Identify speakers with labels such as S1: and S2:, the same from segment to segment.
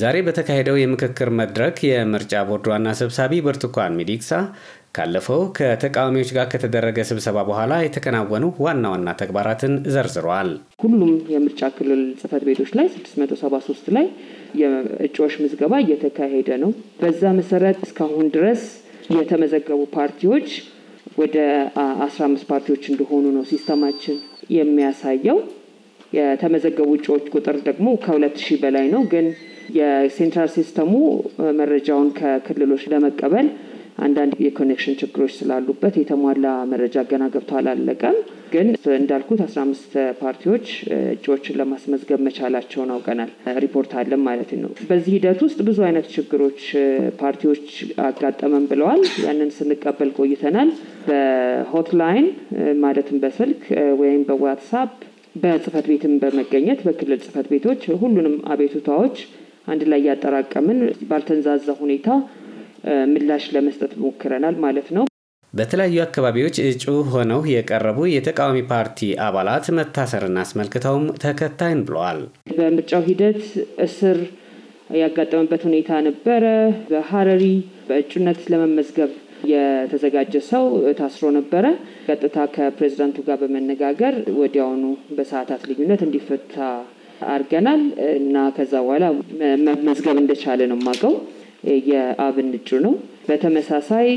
S1: ዛሬ በተካሄደው የምክክር መድረክ የምርጫ ቦርድ ዋና ሰብሳቢ ብርቱካን ሚዲክሳ ካለፈው ከተቃዋሚዎች ጋር ከተደረገ ስብሰባ በኋላ የተከናወኑ ዋና ዋና ተግባራትን ዘርዝረዋል።
S2: ሁሉም የምርጫ ክልል ጽህፈት ቤቶች ላይ 673 ላይ የእጩዎች ምዝገባ እየተካሄደ ነው። በዛ መሰረት እስካሁን ድረስ የተመዘገቡ ፓርቲዎች ወደ 15 ፓርቲዎች እንደሆኑ ነው ሲስተማችን የሚያሳየው። የተመዘገቡ እጩዎች ቁጥር ደግሞ ከሁለት ሺህ በላይ ነው። ግን የሴንትራል ሲስተሙ መረጃውን ከክልሎች ለመቀበል አንዳንድ የኮኔክሽን ችግሮች ስላሉበት የተሟላ መረጃ ገና ገብቶ አላለቀም። ግን እንዳልኩት አስራ አምስት ፓርቲዎች እጩዎችን ለማስመዝገብ መቻላቸውን አውቀናል። ሪፖርት አለን ማለት ነው። በዚህ ሂደት ውስጥ ብዙ አይነት ችግሮች ፓርቲዎች አጋጠመን ብለዋል። ያንን ስንቀበል ቆይተናል። በሆትላይን ማለትም በስልክ ወይም በዋትሳፕ በጽህፈት ቤትም በመገኘት በክልል ጽህፈት ቤቶች ሁሉንም አቤቱታዎች አንድ ላይ ያጠራቀምን ባልተንዛዛ ሁኔታ ምላሽ ለመስጠት ሞክረናል ማለት ነው።
S1: በተለያዩ አካባቢዎች እጩ ሆነው የቀረቡ የተቃዋሚ ፓርቲ አባላት መታሰርን አስመልክተውም ተከታይን ብለዋል።
S2: በምርጫው ሂደት እስር ያጋጠመበት ሁኔታ ነበረ። በሀረሪ በእጩነት ለመመዝገብ የተዘጋጀ ሰው ታስሮ ነበረ። ቀጥታ ከፕሬዚዳንቱ ጋር በመነጋገር ወዲያውኑ በሰዓታት ልዩነት እንዲፈታ አድርገናል እና ከዛ በኋላ መመዝገብ እንደቻለ ነው የማውቀው። የአብን እጩ ነው። በተመሳሳይ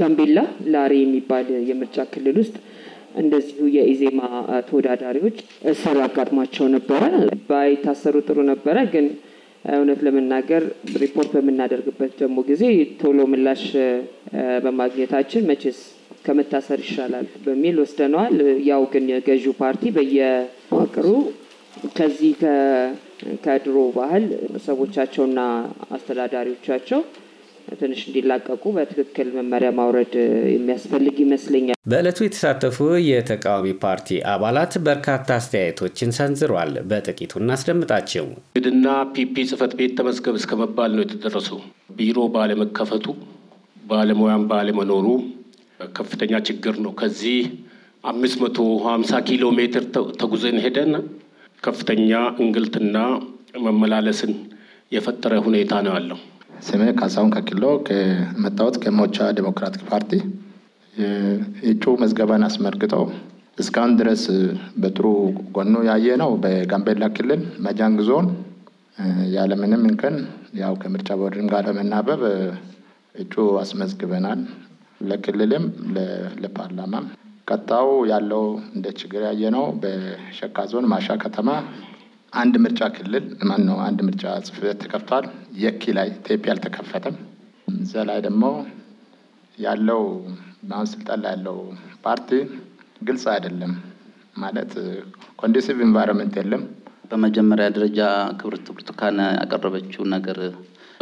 S2: ጋምቤላ ላሬ የሚባል የምርጫ ክልል ውስጥ እንደዚሁ የኢዜማ ተወዳዳሪዎች እስር አጋጥሟቸው ነበረ። ባይታሰሩ ጥሩ ነበረ ግን እውነት ለመናገር ሪፖርት በምናደርግበት ደግሞ ጊዜ ቶሎ ምላሽ በማግኘታችን መቼስ ከመታሰር ይሻላል በሚል ወስደነዋል። ያው ግን የገዢው ፓርቲ በየዋቅሩ ከዚህ ከድሮ ባህል ሰዎቻቸውና አስተዳዳሪዎቻቸው ትንሽ እንዲላቀቁ በትክክል መመሪያ ማውረድ የሚያስፈልግ ይመስለኛል።
S1: በዕለቱ የተሳተፉ የተቃዋሚ ፓርቲ አባላት በርካታ አስተያየቶችን ሰንዝረዋል። በጥቂቱ እናስደምጣቸው።
S3: ንግድና ፒፒ ጽህፈት ቤት ተመዝገብ እስከመባል ነው የተደረሱ። ቢሮ ባለመከፈቱ ባለሙያም ባለመኖሩ ከፍተኛ ችግር ነው። ከዚህ አምስት መቶ ሀምሳ ኪሎ ሜትር ተጉዘን ሄደን ከፍተኛ እንግልትና መመላለስን የፈጠረ ሁኔታ ነው ያለው። ስሜ ካሳሁን ከኪሎ ከመጣሁት ከሞቻ ዴሞክራቲክ ፓርቲ የእጩ መዝገባን አስመልክተው እስካሁን ድረስ በጥሩ ጎኑ ያየ ነው። በጋምቤላ ክልል መጃንግ ዞን ያለምንም እንከን ያው ከምርጫ ቦርድም ጋር ለመናበብ እጩ አስመዝግበናል። ለክልልም ለፓርላማም ቀጣው ያለው እንደ ችግር ያየ ነው። በሸካ ዞን ማሻ ከተማ አንድ ምርጫ ክልል ማን ነው አንድ ምርጫ ጽህፈት ተከፍቷል። የኪ ላይ ቴፒ አልተከፈተም። እዛ ላይ ደግሞ ያለው አሁን ስልጣን ላይ ያለው ፓርቲ ግልጽ አይደለም ማለት ኮንዲሲቭ ኢንቫይሮንመንት የለም። በመጀመሪያ ደረጃ ክብርት ብርቱካን ያቀረበችው
S4: ነገር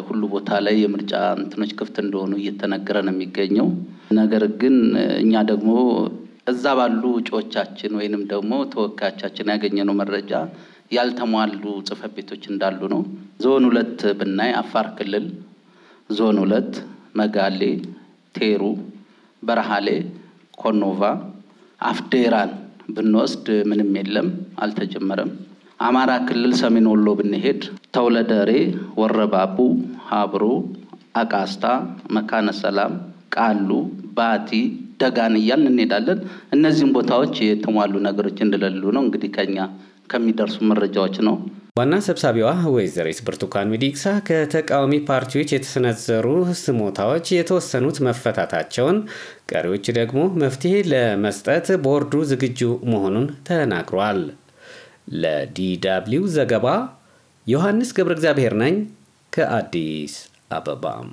S4: ሁሉ ቦታ ላይ የምርጫ እንትኖች ክፍት እንደሆኑ እየተነገረ ነው የሚገኘው። ነገር ግን እኛ ደግሞ እዛ ባሉ እጩዎቻችን ወይንም ደግሞ ተወካዮቻችን ያገኘነው መረጃ ያልተሟሉ ጽህፈት ቤቶች እንዳሉ ነው። ዞን ሁለት ብናይ አፋር ክልል ዞን ሁለት መጋሌ፣ ቴሩ፣ በረሃሌ፣ ኮኖቫ፣ አፍዴራን ብንወስድ ምንም የለም፣ አልተጀመረም። አማራ ክልል ሰሜን ወሎ ብንሄድ ተውለደሬ፣ ወረባቡ፣ ሀብሮ፣ አቃስታ፣ መካነ ሰላም፣ ቃሉ፣ ባቲ፣ ደጋን እያልን እንሄዳለን። እነዚህም ቦታዎች የተሟሉ ነገሮች እንደሌሉ ነው እንግዲህ ከኛ ከሚደርሱ መረጃዎች ነው።
S1: ዋና ሰብሳቢዋ ወይዘሪት ብርቱካን ሚዲቅሳ ከተቃዋሚ ፓርቲዎች የተሰነዘሩ ስሞታዎች የተወሰኑት መፈታታቸውን፣ ቀሪዎች ደግሞ መፍትሄ ለመስጠት ቦርዱ ዝግጁ መሆኑን ተናግሯል። ለዲደብሊው ዘገባ ዮሐንስ ገብረ እግዚአብሔር ነኝ ከአዲስ አበባም